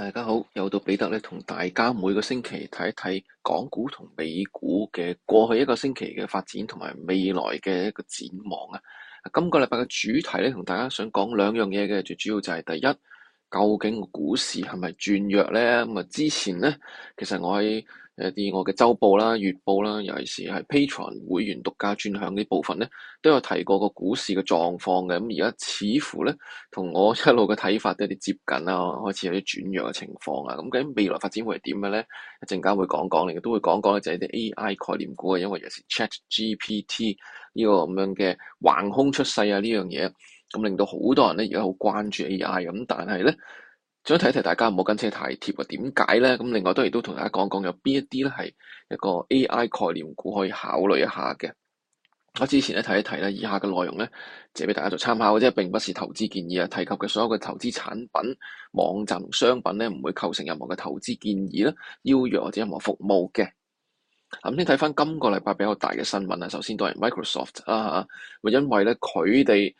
大家好，又到彼得咧，同大家每個星期睇一睇港股同美股嘅過去一個星期嘅發展，同埋未來嘅一個展望啊！今個禮拜嘅主題咧，同大家想講兩樣嘢嘅，最主要就係第一，究竟股市係咪轉弱呢？咁、嗯、啊，之前呢，其實我喺一啲我嘅週報啦、月報啦，尤其是係 Patreon 會員獨家專享呢部分咧，都有提過個股市嘅狀況嘅。咁而家似乎咧，同我一路嘅睇法都有啲接近啦，開始有啲轉弱嘅情況啊。咁究竟未來發展會係點嘅咧？一陣間會講講嚟嘅，都會講講咧就係啲 AI 概念股啊。因為有時 ChatGPT 呢個咁樣嘅橫空出世啊呢樣嘢，咁令到好多人咧而家好關注 AI 咁，但係咧。想提一提大家唔好跟車太貼喎，點解呢？咁另外都亦都同大家講講有邊一啲咧係一個 AI 概念股可以考慮一下嘅。我之前咧提一提啦，以下嘅內容咧借俾大家做參考嘅啫，即係並不是投資建議啊。提及嘅所有嘅投資產品、網站同商品咧，唔會構成任何嘅投資建議啦、邀約或者任何服務嘅。咁先睇翻今個禮拜比較大嘅新聞啊！首先都係 Microsoft 啊，因為咧佢哋。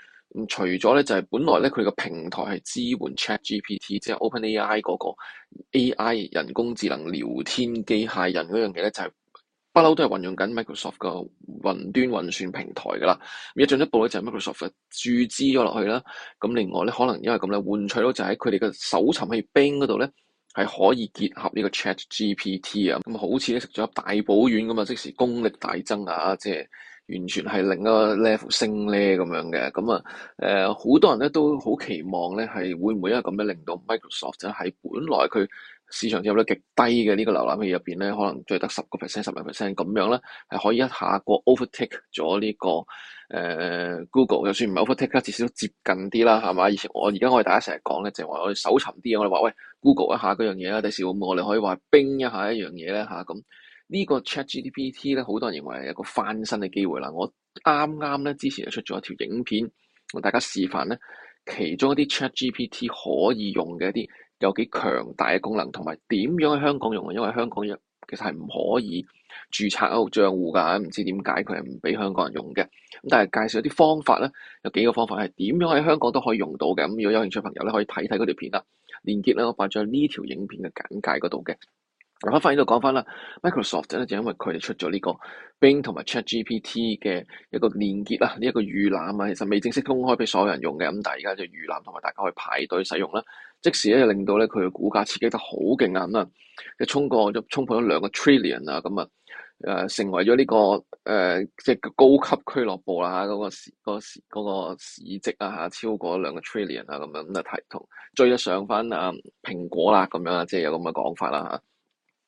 除咗咧，就係、是、本來咧佢個平台係支援 ChatGPT，即係 OpenAI 嗰、那個 AI 人工智能聊天機械人嗰樣嘢咧，就係不嬲都係運用緊 Microsoft 個雲端運算平台噶啦。而進一步咧就係、是、Microsoft 注資咗落去啦。咁另外咧，可能因為咁咧，換取到就喺佢哋嘅搜尋器 Bing 嗰度咧，係可以結合個 T, 呢個 ChatGPT 啊。咁好似咧食咗粒大補丸咁啊，即時功力大增啊！即係。完全係另一個 level 升咧咁樣嘅，咁、呃、啊，誒好多人咧都好期望咧，係會唔會因為咁咧令到 Microsoft 咧喺本來佢市場佔有率咧極低嘅呢個瀏覽器入邊咧，可能最得十個 percent、十零 percent 咁樣咧，係可以一下過 overtake 咗呢、這個誒、呃、Google，就算唔係 overtake 啦，至少接近啲啦，係嘛？以前我而家我哋大家成日講咧，就係、是、話我哋搜尋啲我哋話喂 Google 一下嗰樣嘢啦，第時咁我哋可以話 Bing 一下一樣嘢咧嚇咁。啊。呢個 ChatGPT 咧，好多人認為係一個翻身嘅機會啦。我啱啱咧之前就出咗一條影片，同大家示範咧其中一啲 ChatGPT 可以用嘅一啲有幾強大嘅功能，同埋點樣喺香港用。因為香港其實係唔可以註冊 account 賬戶噶，唔知點解佢係唔俾香港人用嘅。咁但係介紹一啲方法咧，有幾個方法係點樣喺香港都可以用到嘅。咁如果有興趣嘅朋友咧，可以睇睇嗰條片啦。連結咧，我擺在呢條影片嘅簡介嗰度嘅。我翻翻呢度講翻啦，Microsoft 咧就因為佢哋出咗呢個 Bing 同埋 ChatGPT 嘅一個連結啦，呢、這、一個預覽啊，其實未正式公開俾所有人用嘅，咁但係而家就預覽同埋大家去排隊使用啦。即時咧就令到咧佢嘅股價刺激得好勁啊，咁啊，衝過咗，衝破咗兩個 trillion 啊，咁、呃、啊，誒成為咗呢、這個誒、呃、即係高級俱樂部啦，嗰個市嗰個嗰個市值啊，嚇、那個那個那個啊、超過兩個 trillion 啊，咁樣咁啊，提圖追咗上翻啊蘋果啦，咁樣，樣，樣啊，即係有咁嘅講法啦嚇。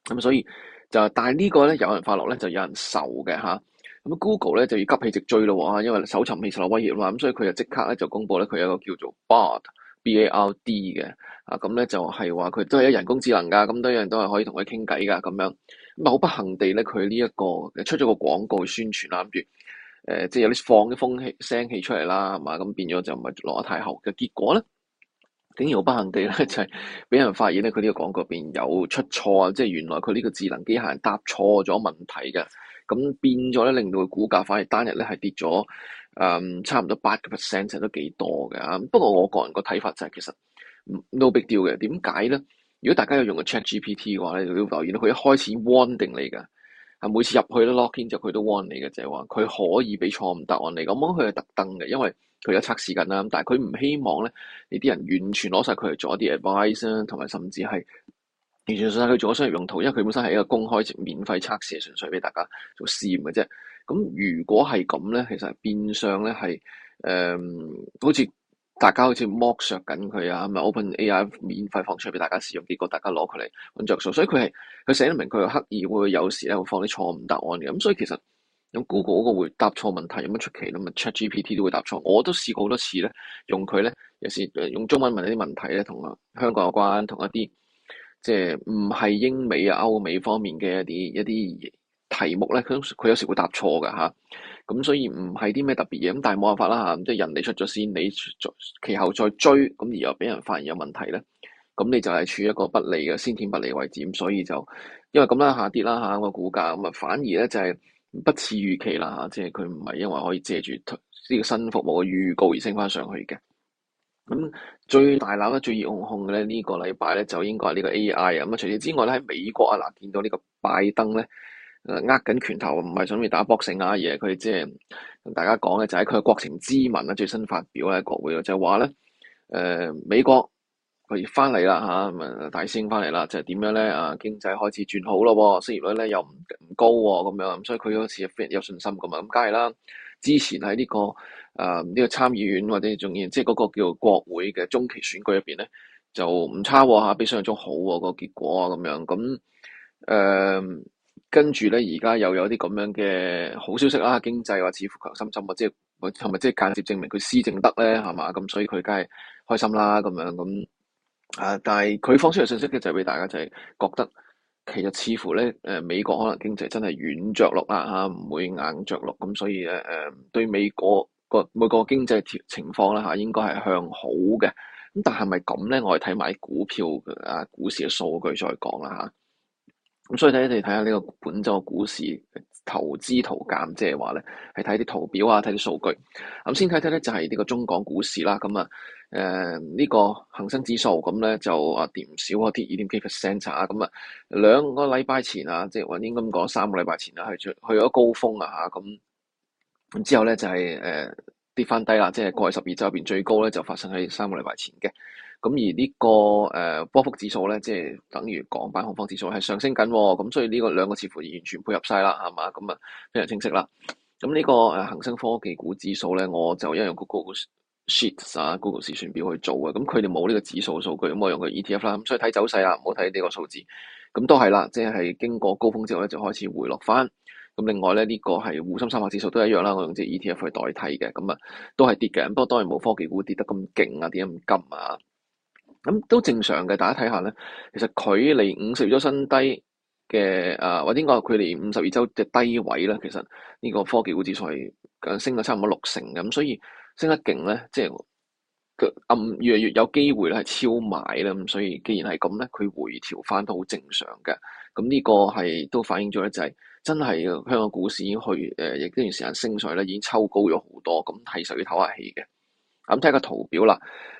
咁、嗯、所以就，但係呢個咧有人快樂咧就有人受嘅嚇。咁、嗯、Google 咧就要急起直追咯喎，因為搜尋技術受到威脅嘛，咁所以佢就即刻咧就公佈咧佢有個叫做 Bard B, ard, B A R D 嘅啊，咁、嗯、咧就係話佢都係有人工智能噶，咁、嗯、都有人都係可以同佢傾偈噶咁樣。咁啊好不幸地咧，佢呢、這個、一個出咗個廣告宣傳啦，諗住誒即係有啲放啲風氣聲氣出嚟啦，係嘛，咁變咗就唔係落得太后嘅結果咧。竟然好不幸地咧，就係俾人發現咧，佢呢個廣告入邊有出錯啊！即係原來佢呢個智能機械人答錯咗問題嘅，咁變咗咧，令到佢股價反而單日咧係跌咗誒，嗯，差唔多八個 percent，都幾多嘅，不過我個人個睇法就係其實 no big deal 嘅，點解咧？如果大家有用個 ChatGPT 嘅話咧，就留意到佢一開始 warning 你㗎，啊每次入去咧 locking 就佢都 warning 你嘅，就係話佢可以俾錯誤答案你，咁我諗佢係特登嘅，因為。佢而家測試緊啦，但係佢唔希望咧，你啲人完全攞晒佢嚟做一啲 advice 啊，同埋甚至係完全攞晒佢做咗商業用途，因為佢本身係一個公開、免費測試，純粹俾大家做試驗嘅啫。咁如果係咁咧，其實變相咧係誒，好似大家好似剝削緊佢啊，咪 OpenAI 免費放出俾大家試用，結果大家攞佢嚟揾着數，所以佢係佢寫得明，佢刻意會，會有時咧會放啲錯誤答案嘅。咁所以其實。咁 Google 嗰個會答錯問題，有乜出奇咧？咪 ChatGPT 都會答錯，我都試過好多次咧。用佢咧，有時用中文問一啲問題咧，同香港有關，同一啲即係唔係英美啊、歐美方面嘅一啲一啲題目咧，佢佢有時會答錯嘅吓，咁、啊、所以唔係啲咩特別嘢咁，但係冇辦法啦吓，即、啊、係人哋出咗先，你其後再追咁，而又俾人發現有問題咧，咁你就係處於一個不利嘅先天不利位置咁，所以就因為咁啦，下跌啦嚇個股價咁啊，反而咧就係、是。不似預期啦嚇，即係佢唔係因為可以借住呢個新服務嘅預告而升翻上去嘅。咁、嗯、最大鬧得最熱哄哄嘅咧，這個、呢個禮拜咧就應該係呢個 AI 啊。咁啊，除此之外咧，喺美國啊嗱，見到呢個拜登咧，呃握緊拳頭，唔係準備打 boxing 啊嘢，佢即係同大家講咧，就喺佢嘅國情咨文咧最新發表喺國會，就係話咧，誒、呃、美國。佢翻嚟啦吓，咁啊大升翻嚟啦，就係點樣咧？啊，經濟開始轉好咯，失業率咧又唔唔高喎，咁樣，咁所以佢嗰時非常有信心咁嘛，咁梗係啦。之前喺呢、這個誒呢、呃這個參議院或者仲要即係嗰個叫國會嘅中期選舉入邊咧，就唔差吓，比想像中好喎，那個結果啊咁樣。咁誒，跟住咧而家又有啲咁樣嘅好消息啦，經濟話似乎強心針，即係係咪即係間接證明佢施政得咧係嘛？咁所以佢梗係開心啦，咁樣咁。啊！但係佢放出嘅信息嘅就俾大家就係覺得，其實似乎咧，誒，美國可能經濟真係軟着陸啦，吓唔會硬着陸，咁所以咧，誒，對美國個每個經濟條情況啦，吓應該係向好嘅。咁但係咪咁咧？我哋睇埋股票啊，股市嘅數據再講啦，吓。咁所以睇你睇下呢個本周嘅股市投資圖鑑，即係話咧，係睇啲圖表啊，睇啲數據。咁先睇睇咧，就係呢個中港股市啦，咁啊。誒呢、嗯，這個恒生指數咁咧，就啊跌少咗啲二點幾 percent 啊，咁啊兩個禮拜前啊，即係話應該講三個禮拜前啊，去去咗高峰啊嚇，咁，啊、之後咧就係、是、誒、呃、跌翻低啦，即、就、係、是、過去十二周入邊最高咧就發生喺三個禮拜前嘅，咁而呢、這個誒、呃、波幅指數咧，即係等於港版恐慌指數係上升緊、啊，咁所以呢個兩個似乎完全配合晒啦，係嘛？咁啊非常清晰啦。咁呢個誒恆生科技股指數咧，我就一邊 Google Sheets 啊，Google 試算表去做啊。咁佢哋冇呢個指數數據，咁我用個 ETF 啦，咁所以睇走勢啦，唔好睇呢個數字，咁都係啦，即係經過高峰之後咧就開始回落翻，咁另外咧呢、這個係滬深三百指數都一樣啦，我用隻 ETF 去代替嘅，咁啊都係跌嘅，不過當然冇科技股跌得咁勁啊，點解咁急啊，咁都正常嘅，大家睇下咧，其實佢離五十二周新低嘅，誒、呃、或者應該講佢離五十二周嘅低位咧，其實呢個科技股指數係升咗差唔多六成咁，所以。升得勁咧，即係佢暗越嚟越有機會咧係超買啦。咁所以既然係咁咧，佢回調翻都好正常嘅。咁呢個係都反映咗咧、就係，就係真係香港股市已經去誒，呢、呃、段時間升上咧已經抽高咗好多，咁係實要唞下氣嘅。咁睇下個圖表啦，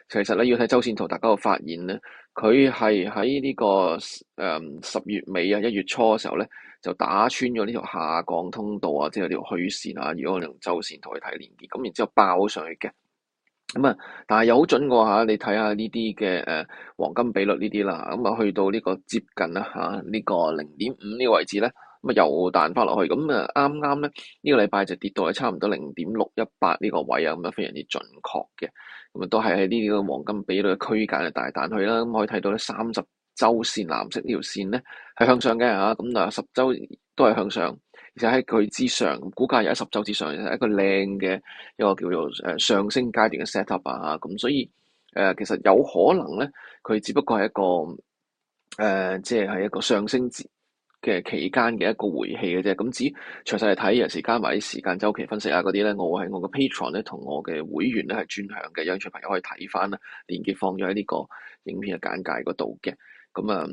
其實咧要睇周線圖，大家會發現咧，佢係喺呢個誒十月尾啊，一月初嘅時候咧就打穿咗呢條下降通道啊，即係條虛線啊。如果我哋用周線圖去睇連結咁，然之後爆上去嘅咁啊，但係有好準過嚇。你睇下呢啲嘅誒黃金比率呢啲啦，咁啊去到呢個接近啊嚇呢個零點五呢個位置咧。咁啊，又彈翻落去，咁啊，啱啱咧呢個禮拜就跌到係差唔多零點六一八呢個位啊，咁啊，非常之準確嘅。咁啊，都係喺呢個黃金比率嘅區間嘅大彈去啦。咁可以睇到咧，三十週線藍色呢條線咧係向上嘅嚇，咁啊十週都係向上，而且喺佢之上，股價又喺十週之上，係一個靚嘅一個叫做誒上升階段嘅 set up 啊。咁所以誒、呃，其實有可能咧，佢只不過係一個誒，即係係一個上升節嘅期間嘅一個回氣嘅啫，咁至於詳細嚟睇，有時加埋啲時間周期分析啊嗰啲咧，我會喺我嘅 patron 咧同我嘅會員咧係專享嘅，有興趣朋友可以睇翻啦，連結放咗喺呢個影片嘅簡介嗰度嘅。咁啊，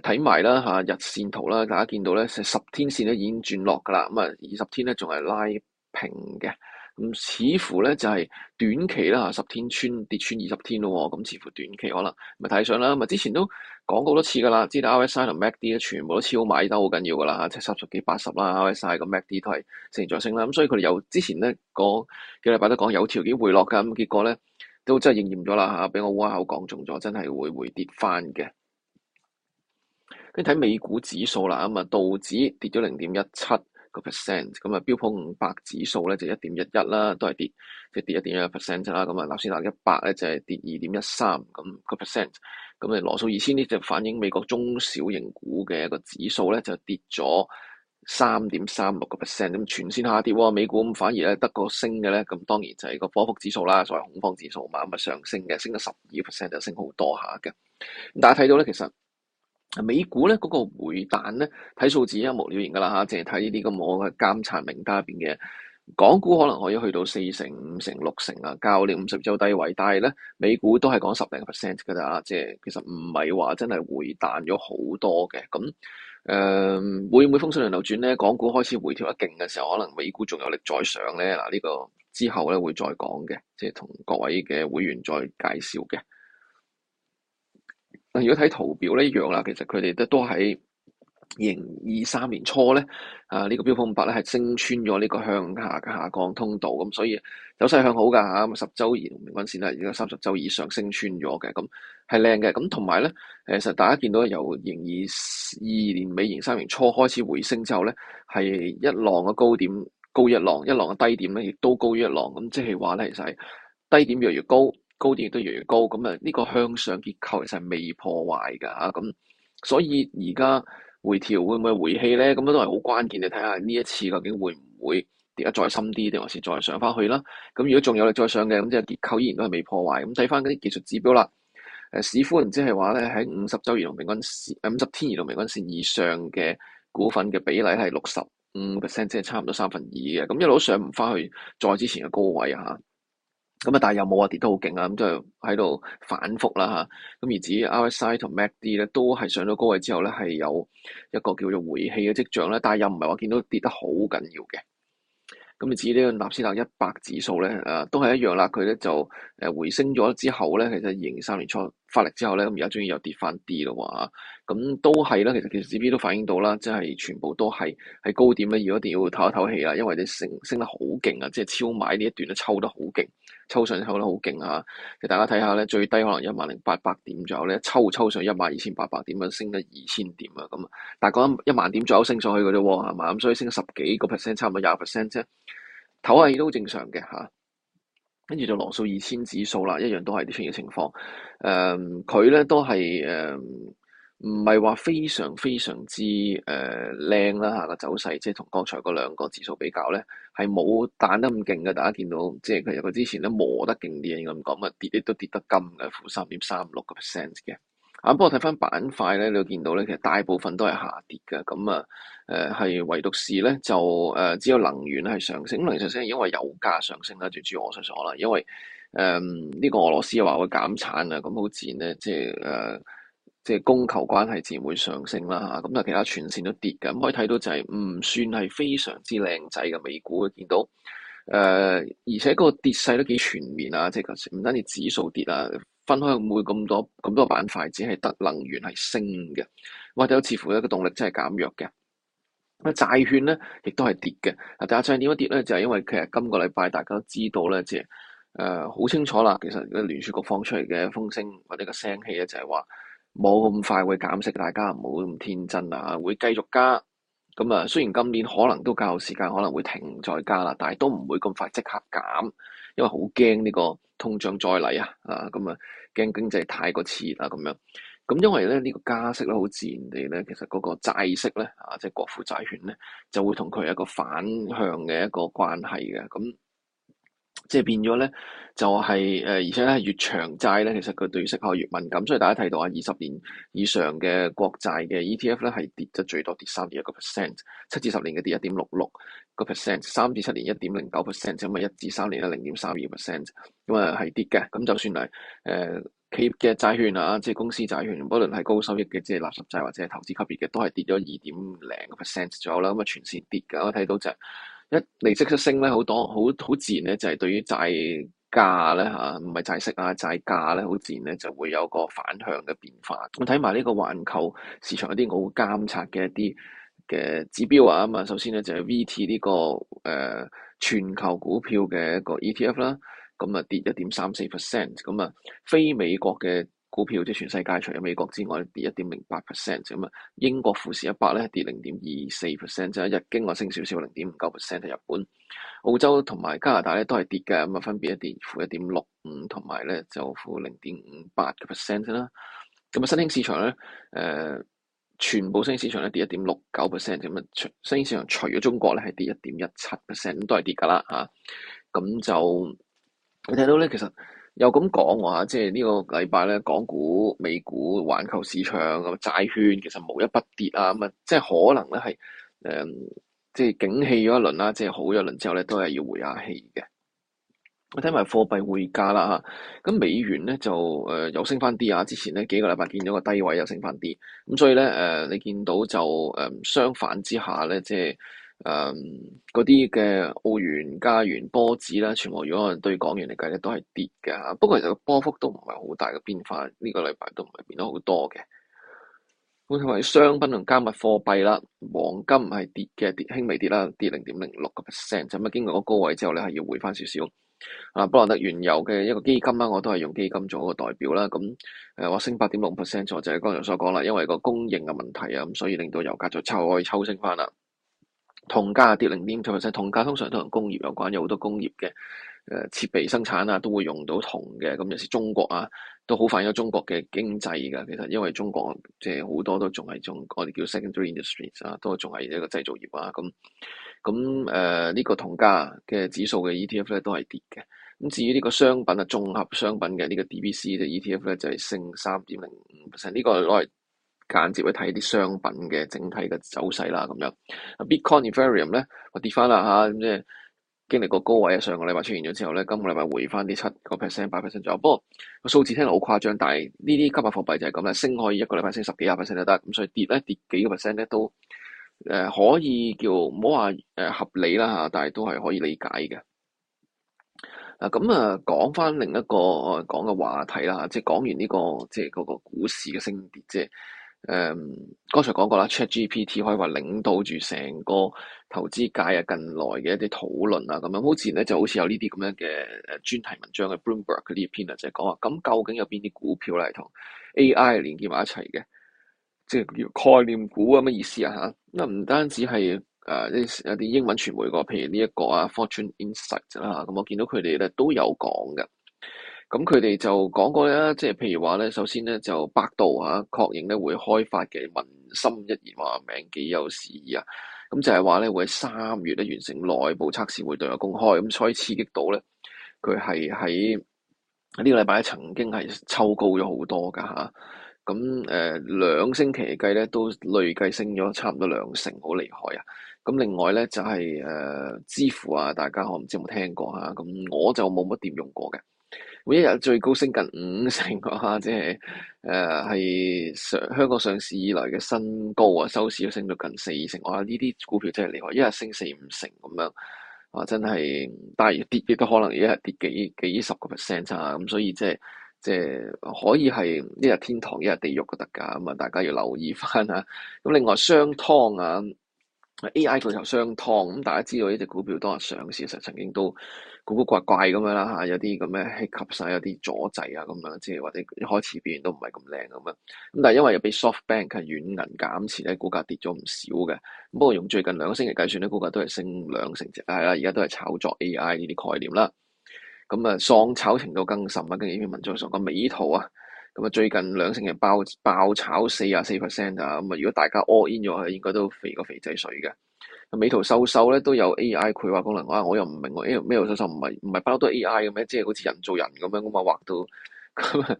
睇埋啦吓，日線圖啦，大家見到咧，十天線咧已經轉落㗎啦，咁啊二十天咧仲係拉平嘅。咁似乎咧就係短期啦，十天穿跌穿二十天咯喎，咁似乎短期可能咪睇上啦，咪之前都講過好多次㗎啦，知道 RSI 同 MACD 咧全部都超買得，得好緊要㗎啦，即係七十幾八十啦 RSI 同 MACD 都係成日升啦，咁所以佢哋有之前咧講幾禮拜都講有條件回落㗎，咁結果咧都真係應驗咗啦嚇，俾我烏鴉口講中咗，真係會，會跌回跌翻嘅。跟住睇美股指數啦，咁啊道指跌咗零點一七。個 percent 咁啊，標普五百指數咧就一點一一啦，都係跌，即、就、係、是、跌一點一 percent 啫啦。咁啊，納斯達一百咧就係跌二點一三咁個 percent。咁啊，羅素二千呢，就反映美國中小型股嘅一個指數咧就跌咗三點三六個 percent。咁全線下跌，哦、美股咁反而咧得個升嘅咧，咁當然就係個波幅指數啦，所謂恐慌指數嘛，咁啊上升嘅，升咗十二 percent 就升好多下嘅。咁但係睇到咧，其實。美股咧嗰個回彈咧，睇數字一目了然噶啦吓，淨係睇呢啲咁我嘅監察名單入邊嘅，港股可能可以去到四成、五成、六成啊，較你五十周低位，但係咧美股都係講十零 percent 噶咋，即係其實唔係話真係回彈咗好多嘅。咁誒、嗯、會唔會風水輪流轉咧？港股開始回調一勁嘅時候，可能美股仲有力再上咧。嗱、這、呢個之後咧會再講嘅，即係同各位嘅會員再介紹嘅。如果睇圖表呢一樣啦，其實佢哋都都喺二三年初咧，啊、這、呢個標普五百咧係升穿咗呢個向下嘅下降通道，咁所以走勢向好噶嚇。十週線同平均線咧而家三十週以上升穿咗嘅，咁係靚嘅。咁同埋咧，其實大家見到咧，由二二年尾、二三年初開始回升之後咧，係一浪嘅高點高一浪，一浪嘅低點咧亦都高一浪，咁即係話咧，其實係低點越嚟越高。高點亦都越嚟越高，咁啊呢個向上結構其實係未破壞㗎嚇，咁所以而家回調會唔會回氣咧？咁都係好關鍵，你睇下呢一次究竟會唔會跌得再深啲，定還是再上翻去啦？咁如果仲有力再上嘅，咁即係結構依然都係未破壞。咁睇翻嗰啲技術指標啦，誒市寬唔知係話咧喺五十周移動平均線、五十天移動平均線以上嘅股份嘅比例係六十五 percent，即係差唔多三分二嘅。咁一路都上唔翻去再之前嘅高位啊嚇。咁啊，但係又冇話跌得好勁啊，咁都係喺度反覆啦嚇。咁而至於，RSI 同 MACD 咧都係上咗高位之後咧係有一個叫做回氣嘅跡象咧，但係又唔係話見到跌得好緊要嘅。咁、嗯、而至於呢個納斯達一百指數咧，誒都係一樣啦。佢咧就誒回升咗之後咧，其實二零三年初發力之後咧，咁而家終於又跌翻啲啦喎。咁都係啦，其實其實 D B 都反映到啦，即係全部都係喺高點咧，如果一定要唞一唞氣啦，因為你升升得好勁啊，即係超買呢一段都抽得好勁。抽上抽得好勁啊！其實大家睇下咧，最低可能一萬零八百點左右咧，抽抽上一萬二千八百點，咁升得二千點啊！咁啊，但係一萬點左右升上去嘅啫喎，係嘛？咁所以升十幾個 percent，差唔多廿 percent 啫，唞下都正常嘅嚇。跟、啊、住就羅素二千指數啦，一樣都係啲咁嘅情況。誒、嗯，佢咧都係誒。嗯唔係話非常非常之誒靚啦吓，個走勢，即係同剛才嗰兩個指數比較咧，係冇彈得咁勁嘅。大家見到，即係佢有個之前咧磨得勁啲啊，應該咁講，啊，跌都跌得金嘅，負三點三六個 percent 嘅。啊，不過睇翻板塊咧，你會見到咧，其實大部分都係下跌嘅。咁、嗯、啊、誒、呃、係唯獨是咧就誒、呃、只有能源係上升，能源上升係因為油價上升啦，最主要我所所啦，因為誒呢、呃這個俄羅斯話會減產啊，咁好自然咧，即係誒。呃即係供求關係自然會上升啦吓，咁啊，其他全綫都跌嘅，咁可以睇到就係唔算係非常之靚仔嘅美股。見到誒，而且個跌勢都幾全面啊，即係唔單止指數跌啊，分開每咁多咁多板塊，只係得能源係升嘅，或者似乎咧個動力真係減弱嘅。債券咧亦都係跌嘅。啊，但係債券點解跌咧？就係因為其實今個禮拜大家都知道咧，即係誒好清楚啦。其實如果聯儲局放出嚟嘅風聲或者個聲氣咧，就係話。冇咁快會減息，大家唔好咁天真啦，會繼續加。咁啊，雖然今年可能都較時間，可能會停再加啦，但係都唔會咁快即刻減，因為好驚呢個通脹再嚟啊，啊咁啊驚經濟太過熾熱啦咁樣。咁因為咧呢個加息咧，好自然地咧，其實嗰個債息咧啊，即係國庫債券咧，就會同佢有一個反向嘅一個關係嘅咁。即係變咗咧、就是，就係誒，而且咧越長債咧，其實佢對息口越敏感。所以大家睇到啊，二十年以上嘅國債嘅 E T F 咧係跌得最多跌，跌三點一個 percent。七至十年嘅、就是、跌一點六六個 percent，三至七年一點零九 percent，咁咪一至三年咧零點三二 percent。咁啊係跌嘅。咁就算係誒、呃、企業嘅債券啊，即係公司債券，無論係高收益嘅即係垃圾債或者係投資級別嘅，都係跌咗二點零個 percent 左右啦。咁啊全線跌嘅，我睇到就係。一利息一升咧，好多好好自然咧，就係對於債價咧吓，唔係債息啊，債價咧好自然咧就會有個反向嘅變化。咁睇埋呢個環球市場一啲我會監察嘅一啲嘅指標啊，咁啊，首先咧就係 V T 呢、這個誒、呃、全球股票嘅一個 E T F 啦，咁啊跌一點三四 percent，咁啊非美國嘅。股票即係全世界，除咗美國之外，跌一點零八 percent 咁啊。英國富時一百咧跌零點二四 percent，就一、是、日經外升少少，零點五九 percent 係日本、澳洲同埋加拿大咧都係跌嘅，咁、嗯、啊分別一跌負一點六五同埋咧就負零點五八嘅 percent 啦。咁、嗯、啊，新興市場咧誒、呃、全部新興市場咧跌一點六九 percent，咁啊新新興市場除咗中國咧係跌一點一七 percent，咁都係跌㗎啦嚇。咁、啊、就你睇到咧，其實。又咁講話，即係呢個禮拜咧，港股、美股、環球市場咁債券其實無一不跌啊！咁啊、嗯，即係可能咧係誒，即係景氣咗一輪啦，即係好咗一輪之後咧，都係要回下氣嘅。我睇埋貨幣匯價啦，嚇咁美元咧就誒、呃、又升翻啲啊！之前咧幾個禮拜見咗個低位又升翻啲咁，所以咧誒、呃、你見到就誒、呃、相反之下咧，即係。誒嗰啲嘅澳元、加元、波紙啦，全部如果對港元嚟計咧，都係跌嘅嚇。不過其實個波幅都唔係好大嘅、這個、變化，呢個禮拜都唔係變咗好多嘅。咁同埋商品同加密貨幣啦，黃金係跌嘅，跌輕微跌啦，跌零點零六個 percent。咁啊，經過個高位之後咧，係要回翻少少。啊，布蘭特原油嘅一個基金啦，我都係用基金做一個代表啦。咁誒話升八點六 percent，就係剛才所講啦，因為個供應嘅問題啊，咁所以令到油價就抽可以抽升翻啦。銅價跌零點五 percent，銅價通常都同工業有關。有好多工業嘅誒設備生產啊，都會用到銅嘅。咁尤其是中國啊，都好反映咗中國嘅經濟㗎。其實因為中國即係好多都仲係仲，我哋叫 secondary industries 啊，都仲係一個製造業啊。咁咁誒呢個銅價嘅指數嘅 ETF 咧都係跌嘅。咁至於呢個商品啊，綜合商品嘅呢個 DBC 嘅 ETF 咧就係升三點零五 percent。呢個攞嚟。這個間接去睇啲商品嘅整體嘅走勢啦，咁樣。Bitcoin、Ethereum 咧跌翻啦嚇，即係經歷過高位啊，上個禮拜出現咗之後咧，今個禮拜回翻啲七個 percent、八 percent 左右。不過個數字聽落好誇張，但係呢啲加密貨幣就係咁啦，升可以一個禮拜升十幾廿 percent 都得，咁所以跌咧跌幾個 percent 咧都誒可以叫唔好話誒合理啦吓，但係都係可以理解嘅。嗱咁啊，講翻另一個講嘅話題啦，即係講完呢個即係嗰個股市嘅升跌，即係。誒，剛、um, 才講過啦，ChatGPT 可以話領導住成個投資界啊，近來嘅一啲討論啊，咁樣好似咧就好似有呢啲咁樣嘅誒專題文章嘅 Bloomberg 佢呢一篇就係講話，咁究竟有邊啲股票咧同 AI 連結埋一齊嘅，即係叫概念股啊，咩意思啊吓？咁啊唔單止係誒一啲英文傳媒個，譬如呢、這、一個 Fortune Insight, 啊 Fortune Insight 啦，咁、啊、我見到佢哋咧都有講嘅。咁佢哋就講過啦，即係譬如話咧，首先咧就百度嚇確認咧會開發嘅文心一言，話名幾有詩意啊。咁就係話咧會喺三月咧完成內部測試，會對外公開，咁所以刺激到咧佢係喺呢個禮拜曾經係抽高咗好多噶嚇。咁誒兩星期計咧都累計升咗差唔多兩成，好厲害啊！咁另外咧就係誒支付啊，大家我唔知有冇聽過嚇。咁我就冇乜點用過嘅。每一日最高升近五成啊！即係誒係上香港上市以來嘅新高啊！收市都升到近四成啊！呢啲股票真係厲害，一日升四五成咁樣啊！真係，但係跌亦都可能一日跌幾幾十個 percent 差咁，所以即係即係可以係一日天、天堂，一日地獄都得㗎咁啊！大家要留意翻、嗯、啊！咁另外商湯啊，AI 巨頭商湯咁，大家知道呢隻股票當日上市時曾經都，古古怪怪咁樣啦嚇，有啲咁嘅吸晒有啲阻滯啊咁樣，即係或者一開始表現都唔係咁靚咁樣。咁但係因為又俾 SoftBank 軟銀減持咧，股價跌咗唔少嘅。不過用最近兩個星期計算咧，股價都係升兩成幾，係啦，而家都係炒作 AI 呢啲概念啦。咁啊，喪炒程度更甚啊，跟住呢篇文章上個美圖啊，咁啊最近兩星期爆爆炒四啊四 percent 啊，咁啊如果大家 all in 咗佢應該都肥過肥仔水嘅。美圖秀秀咧都有 A.I. 繪畫功能，啊，我又唔明喎，A. 美圖秀秀唔係唔係不嬲都 A.I. 嘅咩？即係好似人做人咁樣咁嘛，畫到咁啊！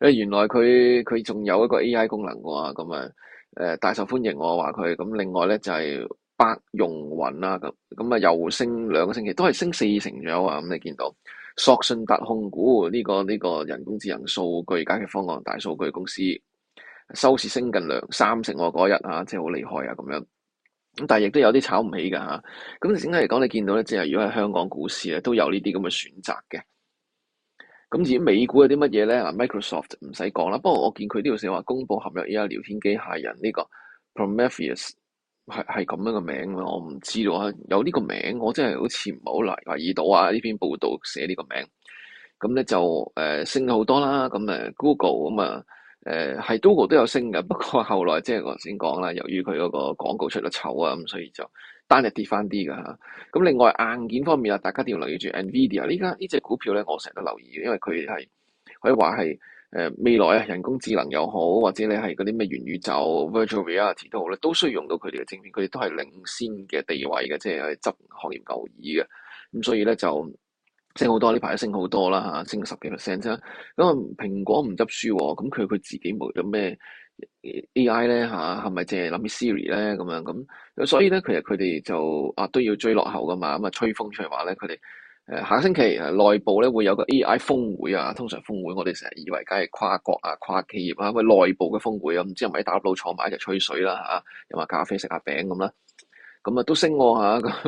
誒，原來佢佢仲有一個 A.I. 功能嘅，咁啊誒大受歡迎我話佢，咁另外咧就係、是、百融雲啦，咁咁啊又升兩個星期，都係升四成左右啊！咁你見到索信達控股呢、這個呢、這個人工智能數據解決方案大數據公司，收市升近兩三成喎，嗰日啊，即係好厲害啊，咁樣。咁但係亦都有啲炒唔起噶吓，咁整體嚟講，你見到咧，即係如果係香港股市咧，都有呢啲咁嘅選擇嘅。咁至於美股有啲乜嘢咧？Microsoft 唔使講啦，嗯、不過我見佢呢度寫話公布合約，而家聊天機械人呢、這個 Prometheus 係係咁樣名個名，我唔知道啊。有呢個名，我真係好似唔好嚟，唔係耳到啊！呢篇報道寫呢個名，咁咧就誒、呃、升好多啦。咁、嗯、誒，Google 啊、嗯、嘛。誒，係、uh, Google 都有升噶，不過後來即係、就是、我先講啦，由於佢嗰個廣告出得醜啊，咁所以就單日跌翻啲噶吓。咁、啊、另外硬件方面啊，大家都要留意住 Nvidia 依家呢隻股票咧，我成日都留意嘅，因為佢係可以話係誒未來啊，人工智能又好，或者你係嗰啲咩元宇宙 Virtual Reality 都好咧，都需要用到佢哋嘅芯片，佢哋都係領先嘅地位嘅，即係去執行業牛耳嘅。咁所以咧就。升好多呢排都升好多啦嚇，升十幾 percent 啫。咁啊，蘋果唔執輸喎，咁佢佢自己冇咗咩 AI 咧吓，係咪淨係諗起 Siri 咧咁樣咁？所以咧其實佢哋就啊都要追落後噶嘛。咁啊吹風出嚟話咧，佢哋誒下星期內部咧會有個 AI 峰會啊。通常峰會我哋成日以為梗係跨國啊、跨企業啊，因為內部嘅峰會啊，唔知係咪喺打鼓佬坐埋一齊吹水啦、啊、吓，飲下咖啡食下餅咁啦、啊。咁啊，都升喎嚇！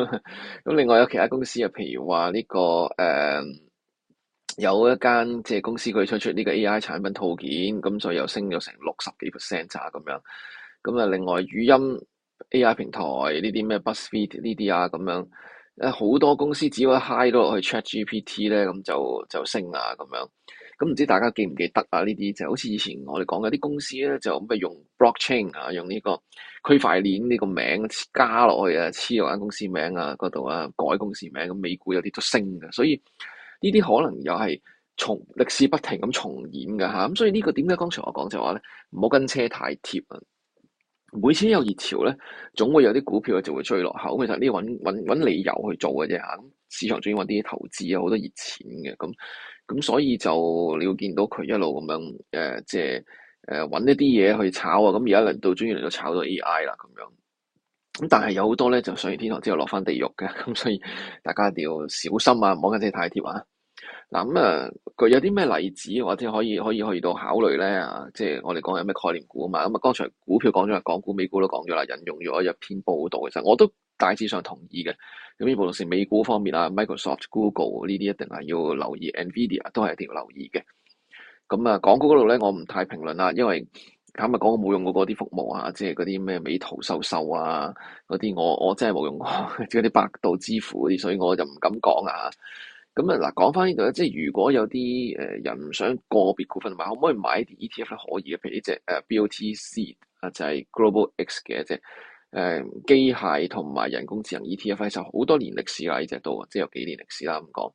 咁另外有其他公司啊，譬如話呢、呢個誒、嗯，有一間即係公司佢推出呢個 A.I. 產品套件，咁所以又升咗成六十幾 percent 咋咁樣。咁啊，另外語音 A.I. 平台呢啲咩 BuzzFeed 呢啲啊咁樣，誒好多公司只要一 high 咗落去 ChatGPT 咧，咁就就升啊咁樣。咁唔、嗯、知大家記唔記得啊？呢啲就好似以前我哋講嘅啲公司咧，就咪用 blockchain 啊，用呢個區塊鏈呢個名加落去啊，黐落間公司名啊嗰度啊，改公司名，咁美股有啲都升嘅，所以呢啲可能又係從歷史不停咁重演嘅嚇。咁所以呢個點解剛才我講就話咧，唔好跟車太貼啊。每次有熱潮咧，總會有啲股票就會追落後。其實呢揾揾揾理由去做嘅啫嚇。市場仲要揾啲投資啊，好多熱錢嘅咁，咁所以就你會見到佢一路咁樣誒，即係誒揾一啲嘢去炒啊。咁而家輪到終於嚟到炒到 AI 啦，咁樣。咁但係有好多咧，就上完天堂之後落翻地獄嘅。咁、嗯、所以大家一定要小心啊，唔好跟車太貼啊。嗱咁啊，佢、嗯啊、有啲咩例子或者可以可以去到考慮咧啊？即係我哋講有咩概念股啊嘛。咁、嗯、啊，剛才股票講咗啦，港股、美股都講咗啦，引用咗一篇報道。其實我都，大致上同意嘅，咁無論是美股方面啊，Microsoft、Google 呢啲一定係要留意，Nvidia 都係一定要留意嘅。咁啊，港股嗰度咧，我唔太評論啦，因為啱啱講我冇用過嗰啲服務啊，即係嗰啲咩美圖秀秀啊，嗰啲我我真係冇用過，即係啲百度支付嗰啲，所以我就唔敢講啊。咁啊嗱，講翻呢度咧，即係如果有啲誒人唔想個別股份，買可唔可以買啲 ETF 咧？可以嘅，譬如呢隻誒 BOTZ 啊，就係 Global X 嘅一隻。誒、嗯、機械同埋人工智能 ETF，其實好多年歷史啦，依隻都，即係有幾年歷史啦，咁講。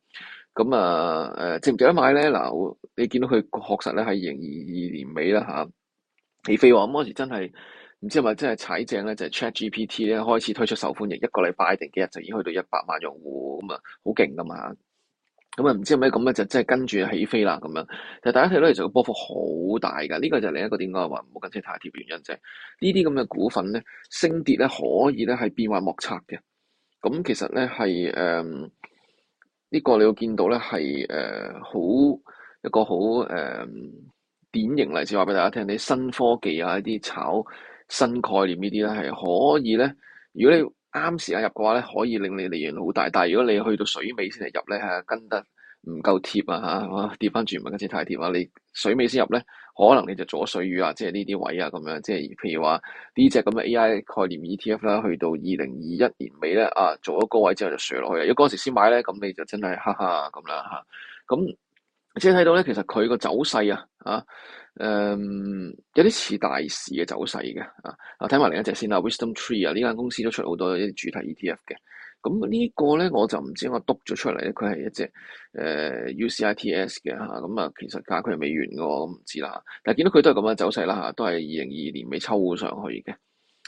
咁啊誒，值唔值得買咧？嗱、嗯，你見到佢確實咧係二零二二年尾啦吓，起飛喎。咁、嗯、嗰時真係唔知係咪真係踩正咧，就係、是、ChatGPT 咧開始推出受歡迎，一個禮拜定幾日就已經去到一百萬用戶，咁啊好勁㗎嘛～、啊咁啊，唔、嗯、知有咩咁咧，就即係跟住起飛啦咁樣。但係大家睇落嚟，就個波幅好大㗎。呢個就係另一個點解話唔好跟車太貼原因啫。呢啲咁嘅股份咧，升跌咧可以咧係變幻莫測嘅。咁其實咧係誒，呢、嗯呢個你會見到咧係誒好一個好誒、呃、典型例子，話俾大家聽你新科技啊，一啲炒新概念呢啲咧係可以咧，如果你。啱時間入嘅話咧，可以令你利潤好大。但係如果你去到水尾先嚟入咧，係跟得唔夠貼啊吓。跌翻轉咪跟住太貼啊。你水尾先入咧，可能你就做咗水魚啊，即係呢啲位啊咁樣。即係譬如話呢隻咁嘅 A I 概念 E T F 啦，去到二零二一年尾咧，啊做咗高位之後就雪落去。如果嗰時先買咧，咁你就真係哈哈咁啦吓。咁、啊、即係睇到咧，其實佢個走勢啊，啊。誒有啲似大市嘅走勢嘅啊！我睇埋另一隻先啦，Wisdom Tree 啊，呢間公司都出好多一啲主題 ETF 嘅。咁呢個咧，我就唔知我督咗出嚟咧，佢係一隻誒 U C I T S 嘅嚇。咁啊，其實價佢係美元嘅。我唔知啦。但係見到佢都係咁嘅走勢啦嚇，都係二零二二年尾抽上去嘅。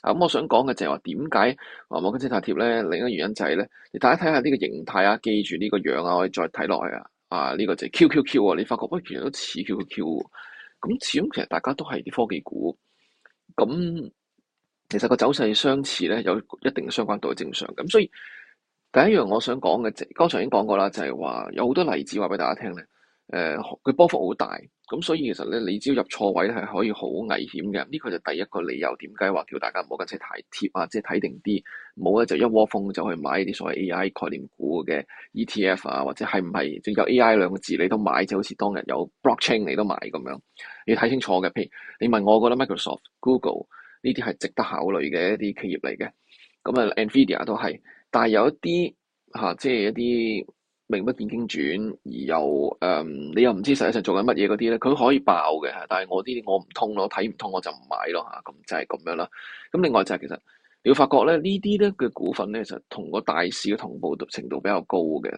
啊，咁我想講嘅就係話點解我冇跟車太貼咧？另一個原因就係咧，你大家睇下呢個形態啊，記住呢個樣啊，我哋再睇落去啊。啊，呢個就係 Q Q Q 喎，你發覺喂，其實都似 Q Q Q。咁始終其實大家都係啲科技股，咁其實個走勢相似咧，有一定嘅相關度係正常。咁所以第一樣我想講嘅，即剛才已經講過啦，就係話有好多例子話俾大家聽咧。誒、呃，佢波幅好大。咁、嗯、所以其實咧，你只要入錯位咧，係可以好危險嘅。呢個就第一個理由，點解話叫大家唔好跟車太貼啊，即係睇定啲，冇咧就一窩蜂就去買呢啲所謂 AI 概念股嘅 ETF 啊，或者係唔係有 AI 兩個字你都買，就好似當日有 blockchain 你都買咁樣，你要睇清楚嘅。譬如你問我，我覺得 Microsoft、Google 呢啲係值得考慮嘅一啲企業嚟嘅，咁啊 NVIDIA 都係，但係有一啲嚇、啊，即係一啲。名不見經傳，而又誒、嗯，你又唔知實際上做緊乜嘢嗰啲咧，佢可以爆嘅，但係我啲我唔通咯，睇唔通我就唔買咯吓，咁、啊嗯、就係、是、咁樣啦。咁、嗯、另外就係其實你會發覺咧，呢啲咧嘅股份咧，其實同個大市嘅同步程度比較高嘅。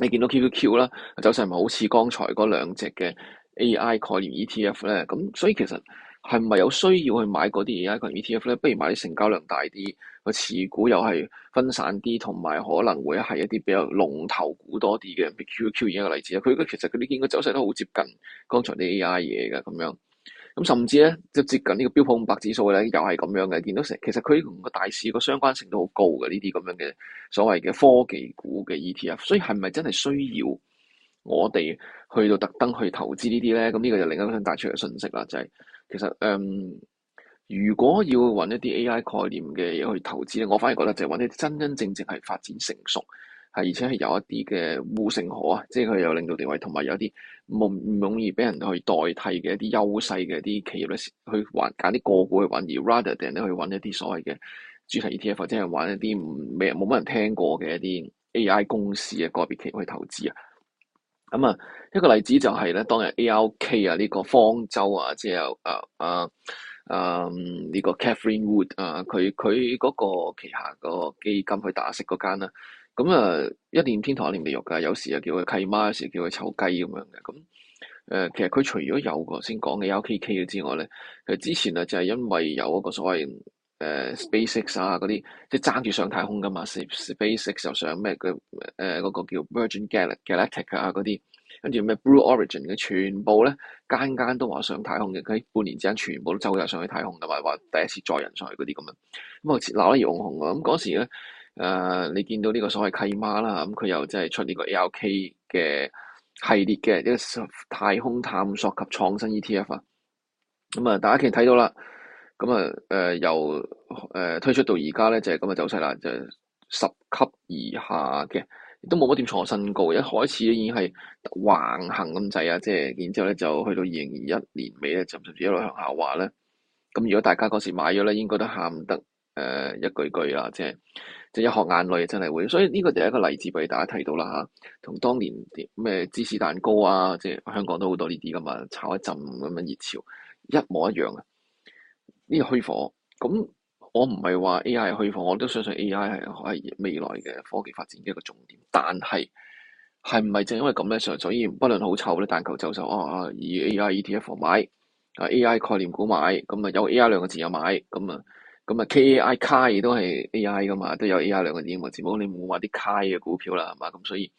你見到 QQQ 啦，走勢咪好似剛才嗰兩隻嘅 AI 概念 ETF 咧，咁、嗯、所以其實。係唔係有需要去買嗰啲而家 E T F 咧？不如買啲成交量大啲個持股，又係分散啲，同埋可能會係一啲比較龍頭股多啲嘅，譬如 Q Q 而一個例子啊。佢個其實佢啲見佢走勢都好接近，剛才啲 A I 嘢嘅咁樣咁，甚至咧即接近呢個標普五百指數咧，又係咁樣嘅。見到成其實佢同個大市個相關性都好高嘅呢啲咁樣嘅所謂嘅科技股嘅 E T F，所以係咪真係需要我哋去到特登去投資呢啲咧？咁呢個就另一個想帶出嘅信息啦，就係、是。其實誒、嗯，如果要揾一啲 AI 概念嘅嘢去投資咧，我反而覺得就係揾一啲真真正正係發展成熟，係而且係有一啲嘅護城河啊，即係佢有領導地位，同埋有一啲冇唔容易俾人去代替嘅一啲優勢嘅一啲企業咧，去揾揀啲個股去揾而，rather than 咧去揾一啲所謂嘅主題 ETF 或者係揾一啲唔咩冇乜人聽過嘅一啲 AI 公司嘅個別企業去投資啊。咁啊、嗯，一個例子就係咧，當日 ARK 啊，呢、這個方舟啊，即係啊啊啊呢、這個 Catherine Wood 啊，佢佢嗰個旗下個基金去打息嗰間啦。咁啊，嗯、一念天堂，一念地獄噶，有時啊叫佢契媽，有時叫佢醜雞咁樣嘅。咁、嗯、誒，其實佢除咗有個先講嘅 ARKK 之外咧，其實之前啊就係因為有一個所謂。誒 SpaceX 啊，嗰啲即係爭住上太空噶嘛，SpaceX 又上咩嘅誒，嗰個叫 Virgin Galactic 啊嗰啲，跟住咩 Blue Origin 嘅，全部咧，間間都話上太空嘅，佢住半年之間全部都走入上去太空同埋話第一次載人上去嗰啲咁樣。咁我似日得又紅紅啊，咁嗰時咧誒，你見到呢個所謂契媽啦，咁佢又即係出呢個 ARK 嘅系列嘅一個太空探索及創新 ETF 啊。咁啊，大家其實睇到啦。咁啊，誒、嗯呃、由誒、呃、推出到而家咧，就係咁嘅走勢啦，就是、十級以下嘅，亦都冇乜點創新高。一開始已經係橫行咁滯啊，即、就、係、是、然之後咧就去到二零二一年尾咧就直接一路向下滑咧。咁如果大家嗰時買咗咧，應該都喊得誒、呃、一句句啊，即係即係一殼眼淚，真係會。所以呢個就係一個例子俾大家睇到啦嚇。同當年啲咩芝士蛋糕啊，即、就、係、是、香港都好多呢啲噶嘛，炒一陣咁樣熱潮，一模一樣啊。呢個虛火，咁我唔係話 A.I. 係虛火，我都相信 A.I. 係係未來嘅科技發展嘅一個重點。但係係唔係正因為咁咧，所以不論好醜咧，但求就手啊！以 A.I. E.T.F. 買啊，A.I. 概念股買，咁啊有 A.I. 兩個字又買，咁啊咁啊 K.A.I. Kai 都係 A.I. 噶嘛，都有 A.I. 兩個字嘅字，冇你冇話啲 Kai 嘅股票啦，係嘛？咁所以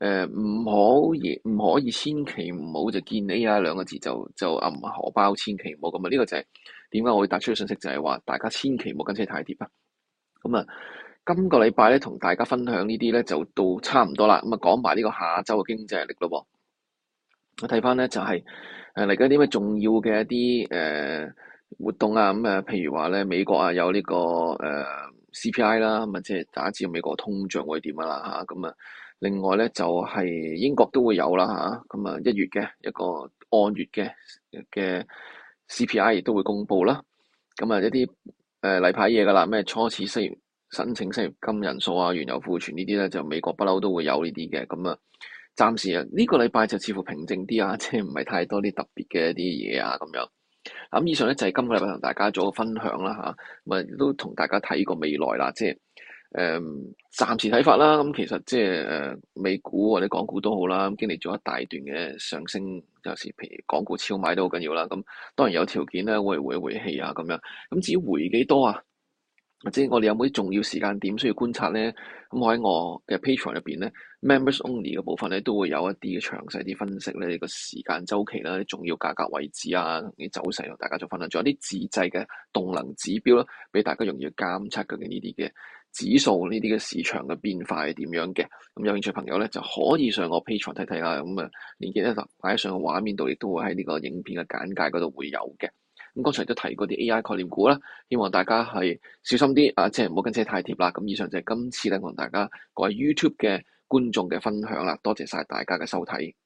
誒，唔、呃、可以唔可以千祈唔好就見 A.I. 兩個字就就暗荷包，千祈唔好咁啊！呢個就係、是。點解我會突出嘅信息就係、是、話大家千祈唔好跟車太貼啊！咁、嗯、啊，今個禮拜咧同大家分享呢啲咧就到差唔多啦。咁、嗯、啊，講埋呢個下周嘅經濟力咯喎。我睇翻咧就係誒嚟緊啲咩重要嘅一啲誒、呃、活動啊，咁、呃、這個呃、啊，譬如話咧美國啊有呢個誒 CPI 啦，咁啊即係大家知道美國通脹會點啊啦吓，咁啊，另外咧就係、是、英國都會有啦吓，咁啊、嗯、一月嘅一個按月嘅嘅。CPI 亦都會公布啦，咁啊一啲誒例牌嘢噶啦，咩初次申申請失業金人數啊、原油庫存呢啲咧，就美國不嬲都會有呢啲嘅，咁啊，暫時啊呢、呢個禮拜就似乎平靜啲啊，即係唔係太多啲特別嘅一啲嘢啊咁樣。咁以上咧就係、是、今個禮拜同大家做個分享啦、啊、吓，咁啊都同大家睇過未來啦，即係。誒暫時睇法啦，咁其實即係誒美股或者港股都好啦，咁經歷咗一大段嘅上升，有時譬如港股超買都好緊要啦，咁當然有條件咧，我哋會回一回氣啊咁樣。咁至於回幾多啊？或者我哋有冇啲重要時間點需要觀察咧？咁我喺我嘅 Patreon 入邊咧，Members Only 嘅部分咧，都會有一啲嘅詳細啲分析咧，個時間周期啦、重要價格位置啊同啲走勢同大家做分享，仲有啲自製嘅動能指標啦，俾大家容易去監測嘅呢啲嘅。指數呢啲嘅市場嘅變化係點樣嘅？咁有興趣朋友咧就可以上我 Patreon 睇睇啦。咁、嗯、啊，連結咧就擺上個畫面度，亦都會喺呢個影片嘅簡介嗰度會有嘅。咁剛才都提過啲 AI 概念股啦，希望大家係小心啲啊，即係唔好跟車太貼啦。咁以上就係今次咧我同大家各位 YouTube 嘅觀眾嘅分享啦。多謝晒大家嘅收睇。